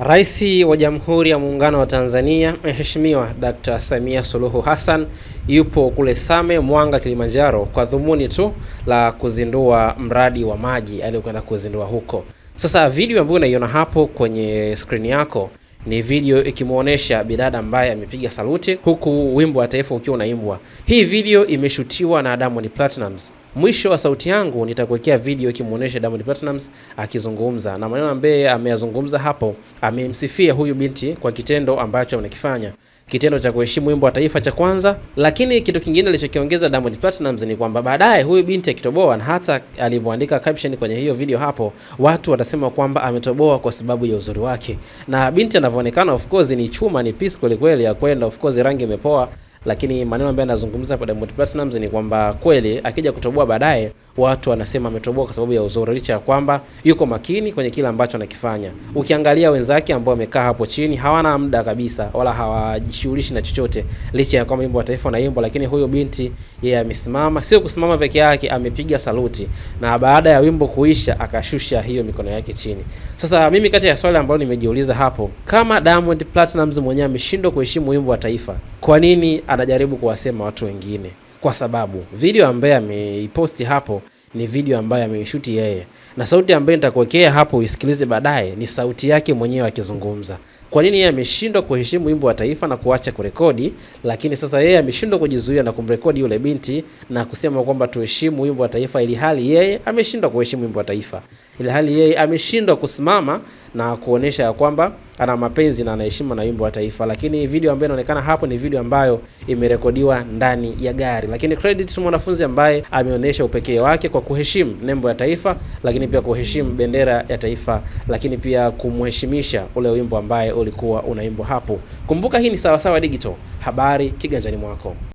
Rais wa Jamhuri ya Muungano wa Tanzania Mheshimiwa Dkt. Samia Suluhu Hassan yupo kule Same Mwanga, Kilimanjaro kwa dhumuni tu la kuzindua mradi wa maji aliyokwenda kuzindua huko. Sasa video ambayo unaiona hapo kwenye skrini yako ni video ikimwonyesha bidada ambaye amepiga saluti huku wimbo wa taifa ukiwa unaimbwa. Hii video imeshutiwa na Diamond Platnumz. Mwisho wa sauti yangu nitakuwekea video ikimwonyesha Diamond Platnumz akizungumza, na maneno ambaye ameyazungumza hapo, amemsifia huyu binti kwa kitendo ambacho anakifanya, kitendo cha kuheshimu wimbo wa taifa cha kwanza. Lakini kitu kingine alichokiongeza Diamond Platnumz ni kwamba baadaye huyu binti akitoboa, na hata alivyoandika caption kwenye hiyo video hapo, watu watasema kwamba ametoboa kwa sababu ya uzuri wake, na binti anavyoonekana, of course ni chuma, ni peace kweli kweli ya kwenda, of course rangi imepoa lakini maneno ambayo anazungumza kwa Diamond Platinumz ni kwamba kweli akija kutoboa baadaye watu wanasema ametoboa kwa sababu ya uzuri, licha ya kwamba yuko makini kwenye kile ambacho anakifanya. Ukiangalia wenzake ambao wamekaa hapo chini hawana muda kabisa, wala hawajishughulishi na chochote, licha ya kwamba wimbo wa taifa unaimbwa, lakini huyo binti yeye yeah, amesimama. Sio kusimama peke yake, amepiga saluti na baada ya wimbo kuisha akashusha hiyo mikono yake chini. Sasa mimi kati ya swali ambalo nimejiuliza hapo, kama Diamond Platinumz mwenyewe ameshindwa kuheshimu wimbo wa taifa, kwa nini anajaribu kuwasema watu wengine, kwa sababu video ambayo ameiposti hapo ni video ambayo ameishuti yeye, na sauti ambayo nitakuwekea hapo uisikilize baadaye ni sauti yake mwenyewe akizungumza. Kwa nini yeye ameshindwa kuheshimu wimbo wa taifa na kuacha kurekodi, lakini sasa yeye ameshindwa kujizuia na kumrekodi yule binti na kusema kwamba tuheshimu wimbo wa taifa, ili hali yeye ameshindwa kuheshimu wimbo wa taifa, ili hali yeye ameshindwa kusimama na kuonesha ya kwamba ana mapenzi na anaheshima na wimbo wa taifa, lakini video ambayo inaonekana hapo ni video ambayo imerekodiwa ndani ya gari. Lakini credit mwanafunzi ambaye ameonyesha upekee wake kwa kuheshimu nembo ya taifa, lakini pia kuheshimu bendera ya taifa, lakini pia kumheshimisha ule wimbo ambaye ulikuwa unaimbwa hapo. Kumbuka hii ni Sawasawa Digital, habari kiganjani mwako.